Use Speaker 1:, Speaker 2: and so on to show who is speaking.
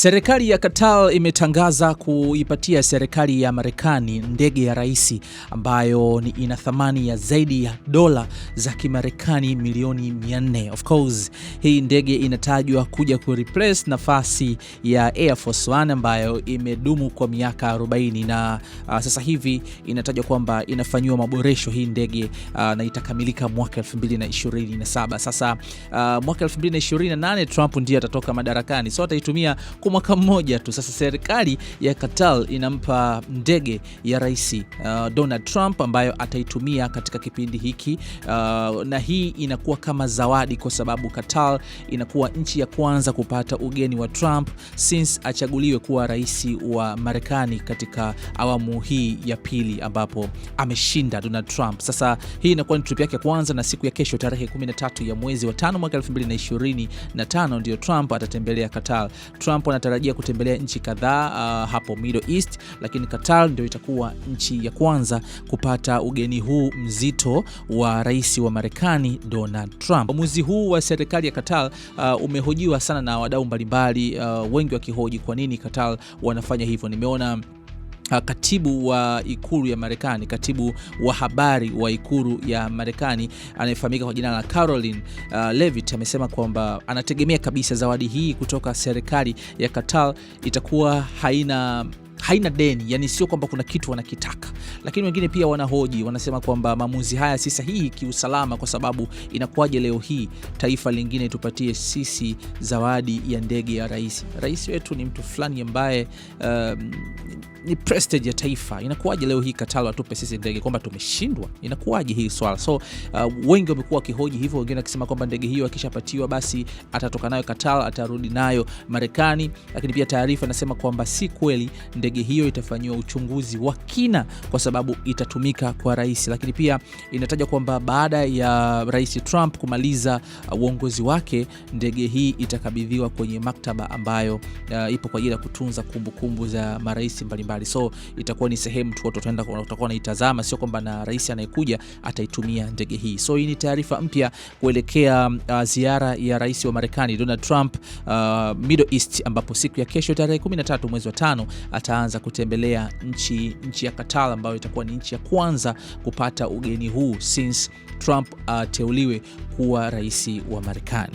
Speaker 1: Serikali ya Qatar imetangaza kuipatia serikali ya Marekani ndege ya rais ambayo ni ina thamani ya zaidi ya dola za Kimarekani milioni 400. Of course, hii ndege inatajwa kuja kureplace nafasi ya Air Force One ambayo imedumu kwa miaka 40 na uh, sasa hivi inatajwa kwamba inafanyiwa maboresho hii ndege uh, na itakamilika mwaka 2027. Sasa uh, mwaka 2028 Trump ndiye atatoka madarakani, so ataitumia ku kwa mwaka mmoja tu. Sasa serikali ya Qatar inampa ndege ya rais uh, Donald Trump ambayo ataitumia katika kipindi hiki uh, na hii inakuwa kama zawadi kwa sababu Qatar inakuwa nchi ya kwanza kupata ugeni wa Trump since achaguliwe kuwa rais wa Marekani katika awamu hii ya pili ambapo ameshinda Donald Trump. Sasa hii inakuwa ni trip yake ya kwanza, na siku ya kesho tarehe 13 ya mwezi wa 5 mwaka 2025 ndio Trump atatembelea Qatar. Trump ambapo anatarajia kutembelea nchi kadhaa uh, hapo Middle East, lakini Qatar ndio itakuwa nchi ya kwanza kupata ugeni huu mzito wa rais wa Marekani Donald Trump. Uamuzi huu wa serikali ya Qatar uh, umehojiwa sana na wadau mbalimbali uh, wengi wakihoji kwa nini Qatar wanafanya hivyo. Nimeona Ah, katibu wa ikulu ya Marekani, katibu wa habari wa ikulu ya Marekani anayefahamika kwa jina la Caroline uh, Levitt amesema kwamba anategemea kabisa zawadi hii kutoka serikali ya Qatar itakuwa haina haina deni, yani sio kwamba kuna kitu wanakitaka. Lakini wengine pia wanahoji, wanasema kwamba maamuzi haya si sahihi kiusalama, kwa sababu inakuwaje leo hii taifa lingine tupatie sisi zawadi ya ndege ya rais? Rais wetu ni mtu fulani ambaye um, ni prestige ya taifa. Inakuwaje leo hii Katalo atupe sisi ndege, kwamba tumeshindwa? Inakuwaje hii swala? So uh, wengi wamekuwa wakihoji hivyo, wengine wakisema kwamba ndege hiyo akishapatiwa basi atatoka nayo Katalo, atarudi nayo Marekani. Lakini pia taarifa inasema kwamba si kweli ndege ndege hiyo itafanyiwa uchunguzi wa kina kwa sababu itatumika kwa rais. Lakini pia inataja kwamba baada ya Rais Trump kumaliza uh, uongozi wake, ndege hii itakabidhiwa kwenye maktaba ambayo uh, ipo kwa ajili ya kutunza kumbukumbu za marais mbalimbali. So itakuwa ni sehemu tu watu watakuwa wanaitazama, sio kwamba na rais anayekuja ataitumia ndege hii. So hii ni taarifa mpya kuelekea uh, ziara ya rais wa Marekani Donald Trump uh, Middle East ambapo siku ya kesho tarehe 13 mwezi wa tano ata ataanza kutembelea nchi, nchi ya Qatar ambayo itakuwa ni nchi ya kwanza kupata ugeni huu since Trump ateuliwe uh, kuwa rais wa Marekani.